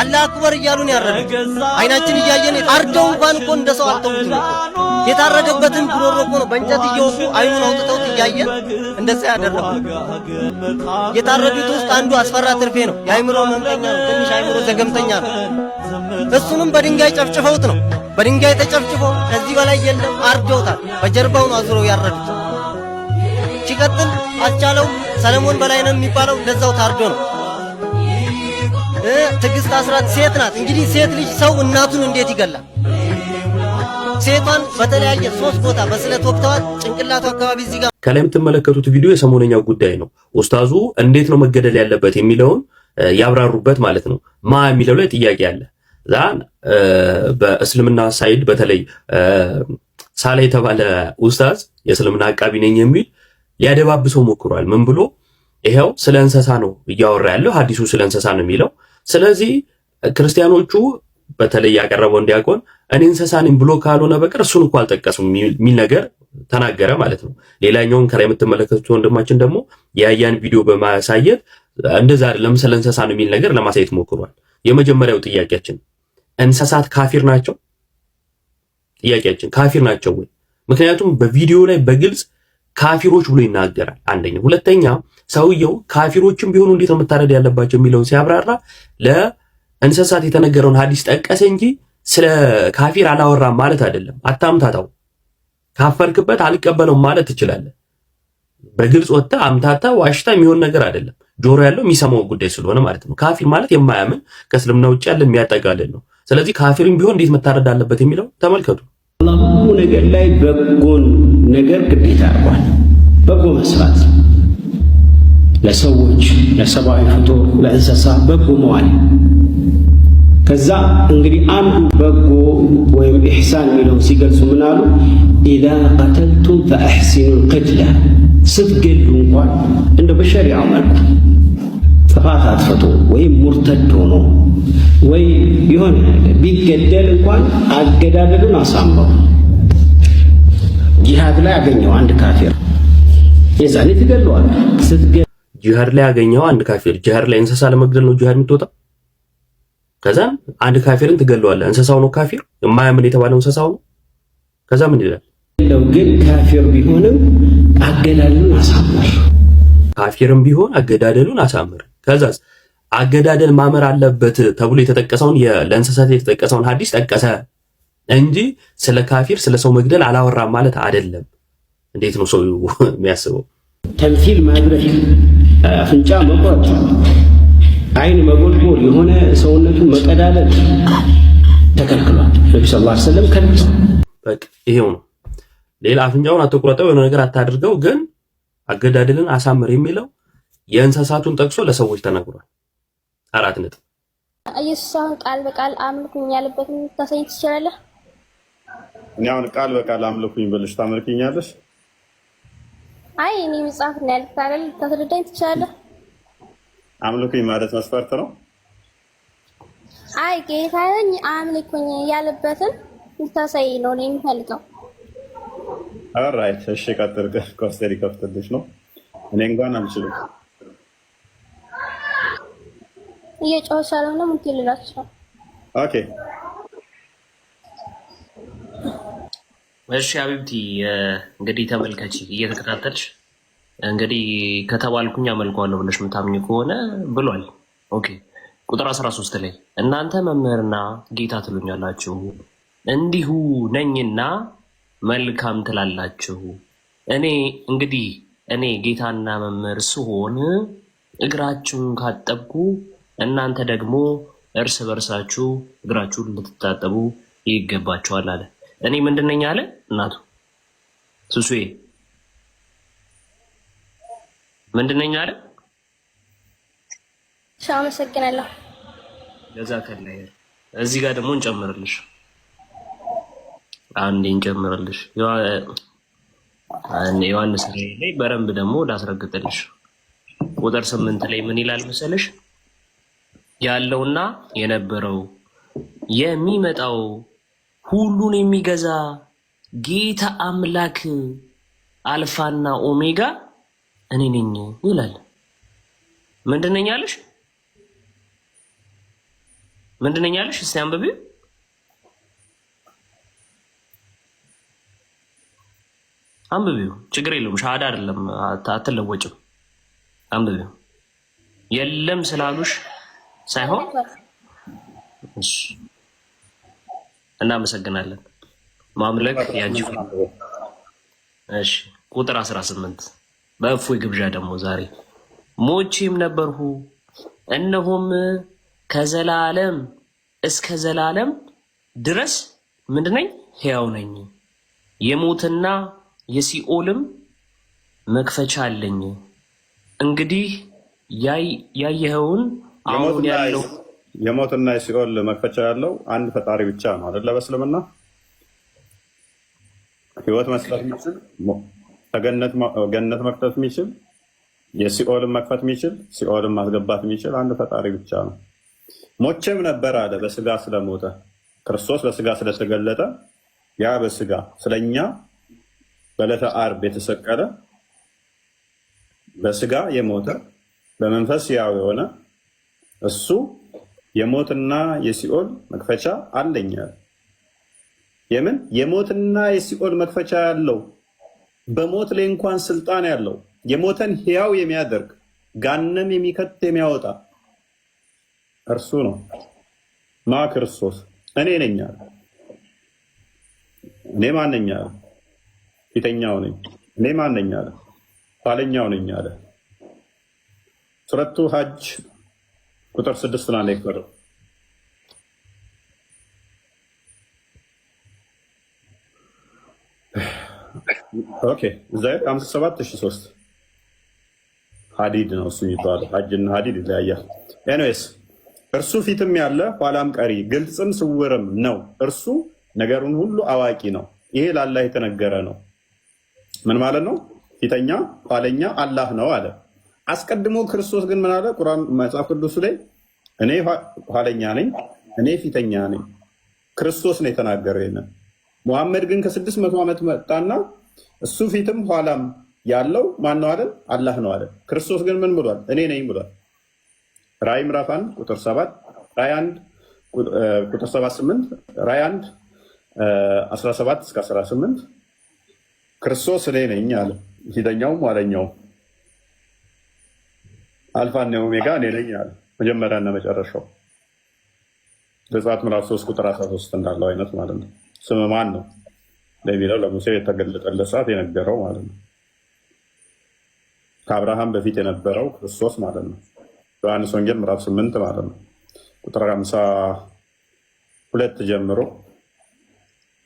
አላህ አክበር እያሉን ያረዱት አይናችን እያየን አርደው እንኳን እኮ እንደ ሰው ነው። የታረደበትን ጉሮሮ እኮ ነው በእንጨት እየወጉ አይኑን አውጥተውት እያየን እንደዛ ያደረጉ። የታረዱት ውስጥ አንዱ አስፈራ ትርፌ ነው። የአይምሮ መምጠኛ ነው። ትንሽ አይምሮ ዘገምተኛ ነው። እሱንም በድንጋይ ጨፍጭፈውት ነው። በድንጋይ ተጨፍጭፎ ከዚህ በላይ የለም አርደውታል። በጀርባው ነው አዙረው ያረዱት። ሲቀጥል አስቻለው ሰለሞን ነው የሚባለው ለዛው ታርዶ ነው። ትዕግስት አስራት ሴት ናት። እንግዲህ ሴት ልጅ ሰው እናቱን እንዴት ይገላል? ሴቷን በተለያየ ሶስት ቦታ በስለት ወቅተዋል። ጭንቅላቱ አካባቢ እዚህ ጋር ከላይ የምትመለከቱት ቪዲዮ የሰሞነኛው ጉዳይ ነው። ኡስታዙ እንዴት ነው መገደል ያለበት የሚለውን ያብራሩበት ማለት ነው። ማ የሚለው ላይ ጥያቄ አለ። ዛን በእስልምና ሳይድ በተለይ ሳላ የተባለ ኡስታዝ የእስልምና አቃቢ ነኝ የሚል ሊያደባብሰው ሞክሯል። ምን ብሎ ይኸው ስለ እንስሳ ነው እያወራ ያለው ሀዲሱ ስለ እንስሳ ነው የሚለው ስለዚህ ክርስቲያኖቹ በተለይ ያቀረበው እንዲያቆን እኔ እንስሳ ነኝ ብሎ ካልሆነ በቀር እሱን እንኳ አልጠቀሱም የሚል ነገር ተናገረ ማለት ነው። ሌላኛውን ከላይ የምትመለከቱት ወንድማችን ደግሞ የያያን ቪዲዮ በማሳየት እንደዛ አይደለም ስለ እንስሳ ነው የሚል ነገር ለማሳየት ሞክሯል። የመጀመሪያው ጥያቄያችን እንስሳት ካፊር ናቸው? ጥያቄያችን ካፊር ናቸው ወይ? ምክንያቱም በቪዲዮ ላይ በግልጽ ካፊሮች ብሎ ይናገራል። አንደኛ። ሁለተኛ ሰውየው ካፊሮችም ቢሆኑ እንዴት ነው መታረድ ያለባቸው የሚለውን ሲያብራራ ለእንስሳት የተነገረውን ሐዲስ ጠቀሰ እንጂ ስለ ካፊር አላወራም ማለት አይደለም። አታምታታው። ካፈርክበት አልቀበለውም ማለት ትችላለህ። በግልጽ ወጥታ አምታታ ዋሽታ የሚሆን ነገር አይደለም። ጆሮ ያለው የሚሰማው ጉዳይ ስለሆነ ማለት ነው። ካፊር ማለት የማያምን ከእስልምና ውጭ ያለ የሚያጠቃልል ነው። ስለዚህ ካፊርም ቢሆን እንዴት መታረድ አለበት የሚለው ተመልከቱ። በአላሁ ነገር ላይ በጎን ነገር ግዴታ አድርጓል። በጎ መስራት፣ ለሰዎች፣ ለሰብአዊ ፍጡር፣ ለእንስሳ በጎ መዋል። ከዛ እንግዲህ አንዱ በጎ ወይም ኢሕሳን የሚለውን ሲገልጹ ምን አሉ? ኢዛ ቀተልቱም ፈአሕሲኑ ልቅትላ ስትገሉ እንኳን እንደ በሸሪዓው መልኩ ጥፋት አትፈቶ ወይም ሙርተድ ሆኖ ወይ የሆነ ቢገደል እንኳን አገዳደሉን አሳምረው ጂሃድ ላይ አገኘው አንድ ካፊር የዛኔ ትገለዋል። ጂሃድ ላይ ያገኘው አንድ ካፊር ጂሃድ ላይ እንስሳ ለመግደል ነው ጂሃድ የምትወጣ። ከዛም አንድ ካፊርን ትገለዋለህ። እንስሳው ነው ካፊር የማያምን የተባለው እንስሳው ነው። ከዛ ምን ይላል? ግን ካፊር ቢሆንም አገዳደሉን አሳምር፣ ካፊርም ቢሆን አገዳደሉን አሳምር። ከዛስ አገዳደል ማመር አለበት ተብሎ የተጠቀሰውን ለእንስሳት የተጠቀሰውን ሐዲስ ጠቀሰ እንጂ ስለ ካፊር ስለ ሰው መግደል አላወራም ማለት አይደለም። እንዴት ነው ሰው የሚያስበው? ተምሲል ማድረግ፣ አፍንጫ መቁረጥ፣ አይን መጎልጎል፣ የሆነ ሰውነቱን መቀዳለል ተከልክሏል። ነቢ ስ ላ ስለም ከልስ ይሄው ነው። ሌላ አፍንጫውን አትቁረጠው፣ የሆነ ነገር አታድርገው፣ ግን አገዳደልን አሳምር የሚለው የእንስሳቱን ጠቅሶ ለሰዎች ተነግሯል። አራት ነጥብ። ኢየሱስ አሁን ቃል በቃል አምልኩኝ ያለበትን ታሳኝ ትችላለህ? እኔ አሁን ቃል በቃል አምልኩኝ ብለሽ ታመልክኛለሽ? አይ እኔ መጽሐፍ ነው ያልኩት አይደል? ታስረዳኝ ትችላለህ? አምልኩኝ ማለት መስፈርት ነው? አይ ጌታዬን አምልኩኝ ያለበትን ታሳይ ነው እኔ የምፈልገው። ኦልራይት እሺ፣ ቀጥል። ኮስተር ይከፍትልሽ ነው። እኔ እንኳን አልችልም። እየጮኸ ሰላም ነው ምንት ኦኬ እሺ አቢብቲ እንግዲህ ተመልከች እየተከታተልሽ እንግዲህ ከተባልኩኝ አመልከዋለሁ ብለሽ የምታምኝ ከሆነ ብሏል። ኦኬ ቁጥር 13 ላይ እናንተ መምህርና ጌታ ትሉኛላችሁ፣ እንዲሁ ነኝና መልካም ትላላችሁ። እኔ እንግዲህ እኔ ጌታና መምህር ስሆን እግራችሁን ካጠብኩ እናንተ ደግሞ እርስ በርሳችሁ እግራችሁን እንድትታጠቡ ይገባችኋል አለ። እኔ ምንድን ነኝ አለ እናቱ ሱሱዬ ምንድን ነኝ አለ። አመሰግናለሁ። ለዛ ከላይ እዚህ ጋር ደግሞ እንጨምርልሽ፣ አንዴ እንጨምርልሽ። ዮሐንስ ላይ በረንብ ደግሞ ላስረግጥልሽ ቁጥር ስምንት ላይ ምን ይላል መሰለሽ? ያለውና የነበረው የሚመጣው ሁሉን የሚገዛ ጌታ አምላክ አልፋና ኦሜጋ እኔ ነኝ ይላል። ምንድን ነኝ አለሽ? ምንድን ነኝ አለሽ? እስቲ አንብቢ። አንብቢው ችግር የለውም ሻሃዳ አይደለም አትለወጭም። አንብቢው የለም ስላሉሽ ሳይሆን እናመሰግናለን። ማምለክ ያንቺ እሺ። ቁጥር 18 በእፎይ ግብዣ ደግሞ ዛሬ ሞቼም ነበርሁ እነሆም ከዘላለም እስከ ዘላለም ድረስ ምንድነኝ ነኝ ሕያው ነኝ። የሞትና የሲኦልም መክፈቻ አለኝ። እንግዲህ ያየኸውን አሁን ያለው የሞትና የሲኦል መክፈቻ ያለው አንድ ፈጣሪ ብቻ ነው አደለ? በእስልምና ህይወት መስጠት የሚችል ገነት መክፈት የሚችል የሲኦልን መክፈት የሚችል ሲኦልን ማስገባት የሚችል አንድ ፈጣሪ ብቻ ነው። ሞቼም ነበር አለ በስጋ ስለሞተ ክርስቶስ በስጋ ስለተገለጠ ያ በስጋ ስለኛ በዕለተ ዓርብ የተሰቀለ በስጋ የሞተ በመንፈስ ያው የሆነ እሱ የሞትና የሲኦል መክፈቻ አለኝ አለ። የምን የሞትና የሲኦል መክፈቻ ያለው በሞት ላይ እንኳን ስልጣን ያለው የሞተን ሕያው የሚያደርግ ጋነም የሚከት የሚያወጣ እርሱ ነው ማ ክርስቶስ እኔ ነኝ አለ። እኔ ማነኛ አለ። ፊተኛው ነኝ። እኔ ማነኛ አለ። ኋለኛው ነኝ አለ። ሱረቱ ሀጅ ቁጥር ስድስት ና ላይ ቀረው እዛ አምስት ሰባት ሺ ሶስት ሀዲድ ነው እሱ የሚባለው። ሀጅና ሀዲድ ይለያያል። ኤንዌስ እርሱ ፊትም ያለ ኋላም ቀሪ ግልጽም ስውርም ነው። እርሱ ነገሩን ሁሉ አዋቂ ነው። ይሄ ላላህ የተነገረ ነው። ምን ማለት ነው? ፊተኛ ኋለኛ አላህ ነው አለ አስቀድሞ ክርስቶስ ግን ምን አለ? ቁርአን መጽሐፍ ቅዱሱ ላይ እኔ ኋለኛ ነኝ፣ እኔ ፊተኛ ነኝ። ክርስቶስ ነው የተናገረው ይሄንን። መሐመድ ግን ከስድስት መቶ ዓመት መጣና እሱ ፊትም ኋላም ያለው ማን ነው አለን? አላህ ነው አለን። ክርስቶስ ግን ምን ብሏል? እኔ ነኝ ብሏል። ራይ ምዕራፍ አንድ ቁጥር ሰባት ራይ አንድ ቁጥር ሰባት ስምንት ራይ አንድ አስራ ሰባት እስከ አስራ ስምንት ክርስቶስ እኔ ነኝ አለ። ፊተኛውም ኋለኛውም አልፋ አልፋና ኦሜጋ እኔ ነኝ አለ። መጀመሪያና መጨረሻው ዘጸአት ምዕራፍ ሶስት ቁጥር አስራ ሶስት እንዳለው አይነት ማለት ነው። ስም ማን ነው ለሚለው ለሙሴ የተገለጠለት ሰዓት የነገረው ማለት ነው። ከአብርሃም በፊት የነበረው ክርስቶስ ማለት ነው። ዮሐንስ ወንጌል ምዕራፍ ስምንት ማለት ነው ቁጥር ሃምሳ ሁለት ጀምሮ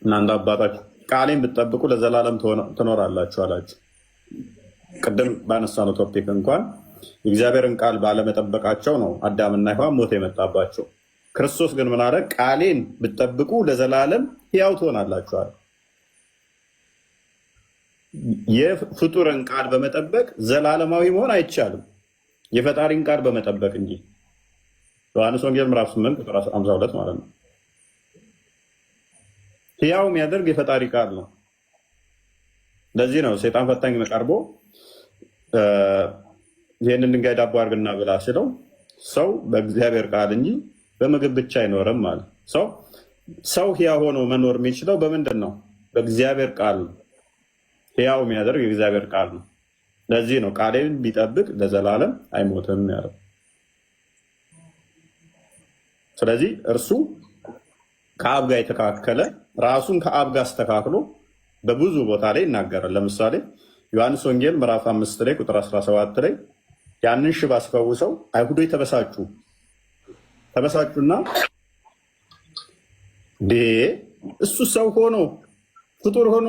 እናንተ አባታችሁ ቃሌን ብትጠብቁ ለዘላለም ትኖራላችሁ አላችሁ። ቅድም በአነሳነው ቶፒክ እንኳን የእግዚአብሔርን ቃል ባለመጠበቃቸው ነው አዳምና ሔዋን ሞት የመጣባቸው። ክርስቶስ ግን ምን አለ? ቃሌን ብትጠብቁ ለዘላለም ሕያው ትሆናላችኋል። የፍጡርን ቃል በመጠበቅ ዘላለማዊ መሆን አይቻልም፣ የፈጣሪን ቃል በመጠበቅ እንጂ። ዮሐንስ ወንጌል ምዕራፍ 8 ቁጥር 52 ማለት ነው። ሕያው የሚያደርግ የፈጣሪ ቃል ነው። ለዚህ ነው ሴጣን ፈታኝ ቀርቦ ይህንን ድንጋይ ዳቦ አድርግና ብላ ስለው ሰው በእግዚአብሔር ቃል እንጂ በምግብ ብቻ አይኖርም አለ። ሰው ሰው ህያው ሆኖ መኖር የሚችለው በምንድን ነው? በእግዚአብሔር ቃል ነው። ህያው የሚያደርግ የእግዚአብሔር ቃል ነው። ለዚህ ነው ቃሌን ቢጠብቅ ለዘላለም አይሞትም ያለው። ስለዚህ እርሱ ከአብ ጋር የተካከለ ራሱን ከአብ ጋር አስተካክሎ በብዙ ቦታ ላይ ይናገራል። ለምሳሌ ዮሐንስ ወንጌል ምዕራፍ አምስት ላይ ቁጥር 17 ላይ ያንን ሽባ አስፈውሰው አይሁዶ ተበሳጩ። ተበሳጩና ዴ እሱ ሰው ሆኖ ፍጡር ሆኖ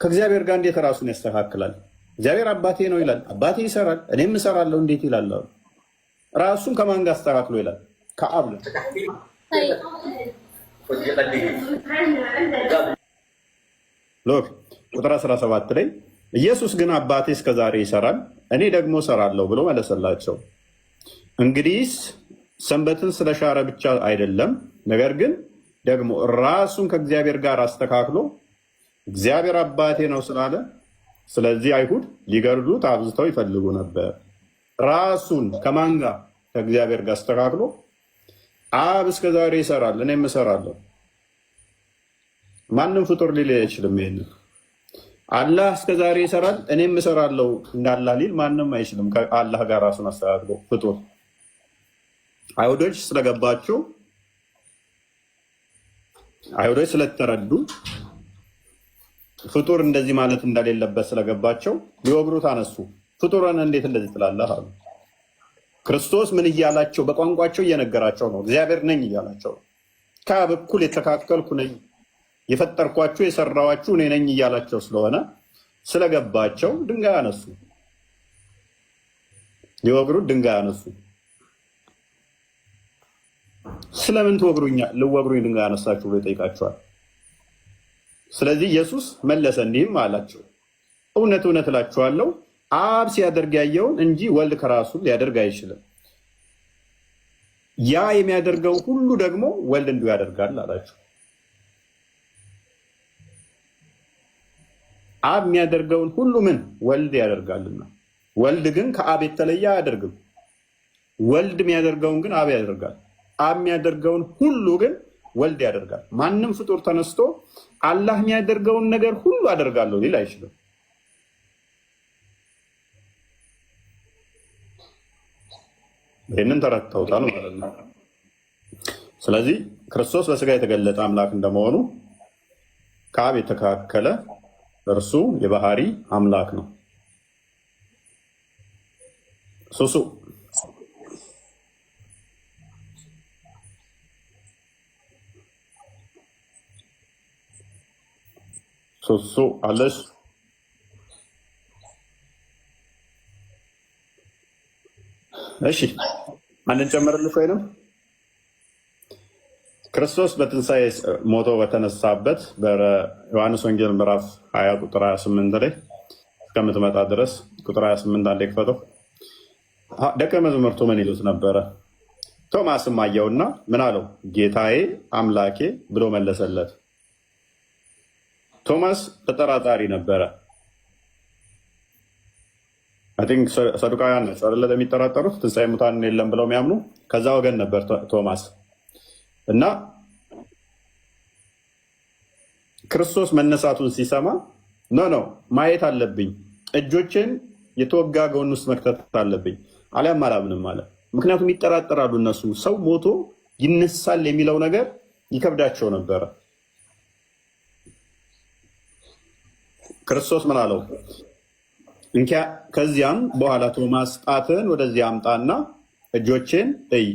ከእግዚአብሔር ጋር እንዴት ራሱን ያስተካክላል? እግዚአብሔር አባቴ ነው ይላል። አባቴ ይሰራል፣ እኔም እሰራለሁ። እንዴት ይላል? ራሱን ከማን ጋር አስተካክሎ ይላል? ከአብ ቁጥር 17 ላይ ኢየሱስ ግን አባቴ እስከዛሬ ይሰራል እኔ ደግሞ ሰራለሁ ብሎ መለሰላቸው። እንግዲህ ሰንበትን ስለሻረ ብቻ አይደለም፣ ነገር ግን ደግሞ ራሱን ከእግዚአብሔር ጋር አስተካክሎ እግዚአብሔር አባቴ ነው ስላለ፣ ስለዚህ አይሁድ ሊገድሉት አብዝተው ይፈልጉ ነበር። ራሱን ከማን ጋር? ከእግዚአብሔር ጋር አስተካክሎ አብ እስከ ዛሬ ይሰራል፣ እኔም እሰራለሁ። ማንም ፍጡር ሊል አይችልም ይሄንን አላህ እስከ ዛሬ ይሰራል፣ እኔም እሰራለሁ እንዳላ ሊል ማንም አይችልም። ከአላህ ጋር ራሱን አስተዳድሮ ፍጡር አይሁዶች ስለገባቸው አይሁዶች ስለተረዱ ፍጡር እንደዚህ ማለት እንደሌለበት ስለገባቸው ሊወግሩት አነሱ። ፍጡርን እንዴት እንደዚህ ትላለህ አሉ። ክርስቶስ ምን እያላቸው በቋንቋቸው እየነገራቸው ነው። እግዚአብሔር ነኝ እያላቸው ነው። ከአብ እኩል የተካከልኩ ነኝ የፈጠርኳችሁ የሰራኋችሁ እኔ ነኝ እያላቸው ስለሆነ ስለገባቸው ድንጋይ አነሱ፣ ሊወግሩት ድንጋይ አነሱ። ስለምን ትወግሩኛ ልወግሩኝ ድንጋይ አነሳችሁ ብሎ ይጠይቃቸዋል። ስለዚህ ኢየሱስ መለሰ እንዲህም አላቸው፣ እውነት እውነት እላችኋለሁ አብ ሲያደርግ ያየውን እንጂ ወልድ ከራሱ ሊያደርግ አይችልም። ያ የሚያደርገው ሁሉ ደግሞ ወልድ እንዲሁ ያደርጋል አላቸው። አብ የሚያደርገውን ሁሉ ምን ወልድ ያደርጋልና፣ ወልድ ግን ከአብ የተለየ አያደርግም። ወልድ የሚያደርገውን ግን አብ ያደርጋል። አብ የሚያደርገውን ሁሉ ግን ወልድ ያደርጋል። ማንም ፍጡር ተነስቶ አላህ የሚያደርገውን ነገር ሁሉ አደርጋለሁ ሊል አይችልም። ይህንን ነው ማለት ነው። ስለዚህ ክርስቶስ በስጋ የተገለጠ አምላክ እንደመሆኑ ከአብ የተካከለ እርሱ የባህሪ አምላክ ነው። ሱሱ ሱሱ አለሽ እሺ አንድን ጨምርልሽ ወይንም ክርስቶስ በትንሣኤ ሞቶ በተነሳበት በዮሐንስ ወንጌል ምዕራፍ 20 ቁጥር 28 ላይ እስከምትመጣ ድረስ ቁጥር 28 አንዴ ክፈተው። ደቀ መዝሙርቱ ምን ይሉት ነበረ? ቶማስም አየውና ምን አለው? ጌታዬ አምላኬ ብሎ መለሰለት። ቶማስ ተጠራጣሪ ነበረ። ቲንክ ሰዱቃውያን ናቸው አይደለ? የሚጠራጠሩት ትንሣኤ ሙታን የለም ብለው የሚያምኑ ከዛ ወገን ነበር ቶማስ እና ክርስቶስ መነሳቱን ሲሰማ ኖ ኖ ማየት አለብኝ፣ እጆችን የተወጋ ጎን ውስጥ መክተት አለብኝ፣ አሊያም አላምንም አለ። ምክንያቱም ይጠራጠራሉ እነሱ ሰው ሞቶ ይነሳል የሚለው ነገር ይከብዳቸው ነበረ። ክርስቶስ ምን አለው? ከዚያም በኋላ ቶማስ ጣትን ወደዚህ አምጣና እጆችን እይ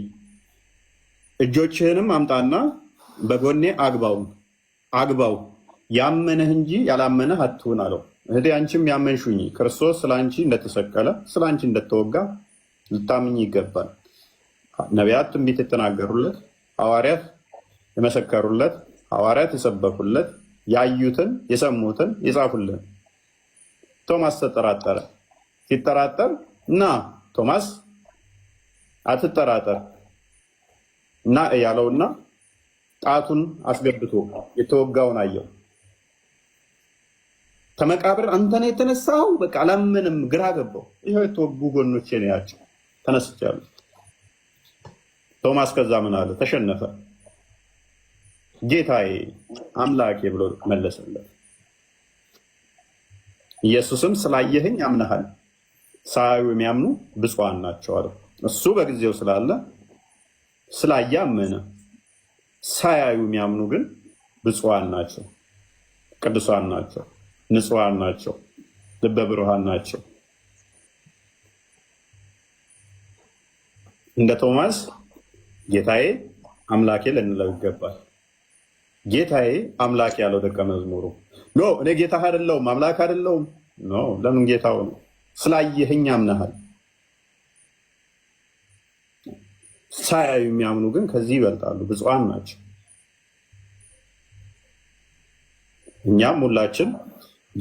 እጆችህንም አምጣና በጎኔ አግባው አግባው ያመነህ እንጂ ያላመነህ አትሁን አለው። እንግዲህ አንቺም ያመንሹኝ ክርስቶስ ስለ አንቺ እንደተሰቀለ ስለ አንቺ እንደተወጋ ልታምኝ ይገባል። ነቢያት ትንቢት የተናገሩለት፣ ሐዋርያት የመሰከሩለት፣ ሐዋርያት የሰበኩለት፣ ያዩትን የሰሙትን የጻፉልን። ቶማስ ተጠራጠረ። ሲጠራጠር ና ቶማስ አትጠራጠር እና ያለውና ጣቱን አስገብቶ የተወጋውን አየው። ከመቃብር አንተ የተነሳው? በቃ አላምንም፣ ግራ ገባው። ይኸው የተወጉ ጎኖቼ ነው ያቸው ተነስቻለሁ። ቶማስ ከዛ ምን አለ? ተሸነፈ። ጌታዬ አምላኬ ብሎ መለሰለት። ኢየሱስም ስላየህኝ አምነሃል፣ ሳያዩ የሚያምኑ ብፁዓን ናቸው አለ። እሱ በጊዜው ስላለ ስላያመነ ሳያዩ የሚያምኑ ግን ብፁዓን ናቸው፣ ቅዱሳን ናቸው፣ ንጹሐን ናቸው፣ ልበ ብሩሃን ናቸው። እንደ ቶማስ ጌታዬ አምላኬ ልንለው ይገባል። ጌታዬ አምላክ ያለው ደቀ መዝሙሩ ኖ እኔ ጌታ አይደለውም አምላክ አይደለውም ኖ ለምን ጌታው ነው ስላየህኝ አምናሃል ሳያዩ የሚያምኑ ግን ከዚህ ይበልጣሉ፣ ብፁዓን ናቸው። እኛም ሁላችን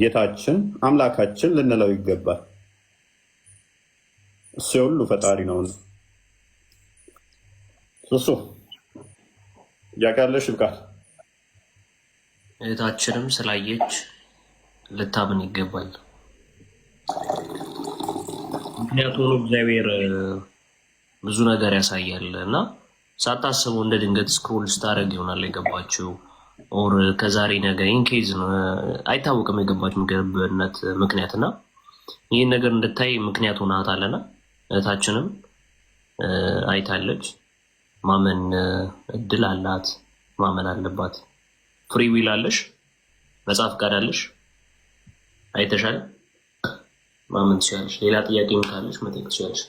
ጌታችን አምላካችን ልንለው ይገባል። እሱ የሁሉ ፈጣሪ ነው። እሱ ያቃለሽ ይብቃል። እህታችንም ስላየች ልታምን ይገባል። ምክንያቱም እግዚአብሔር ብዙ ነገር ያሳያል እና ሳታስበው እንደ ድንገት ስክሮል ስታደረግ ይሆናል የገባችው ኦር ከዛሬ ነገ ኢንኬዝ አይታወቅም የገባችው ምግብነት ምክንያት እና ይህን ነገር እንድታይ ምክንያት አለና እህታችንም አይታለች። ማመን እድል አላት፣ ማመን አለባት። ፍሪ ዊል አለሽ፣ መጽሐፍ ፈቃድ አለሽ። አይተሻል፣ ማመን ትችላለሽ። ሌላ ጥያቄም ካለሽ መጠየቅ ትችላለሽ።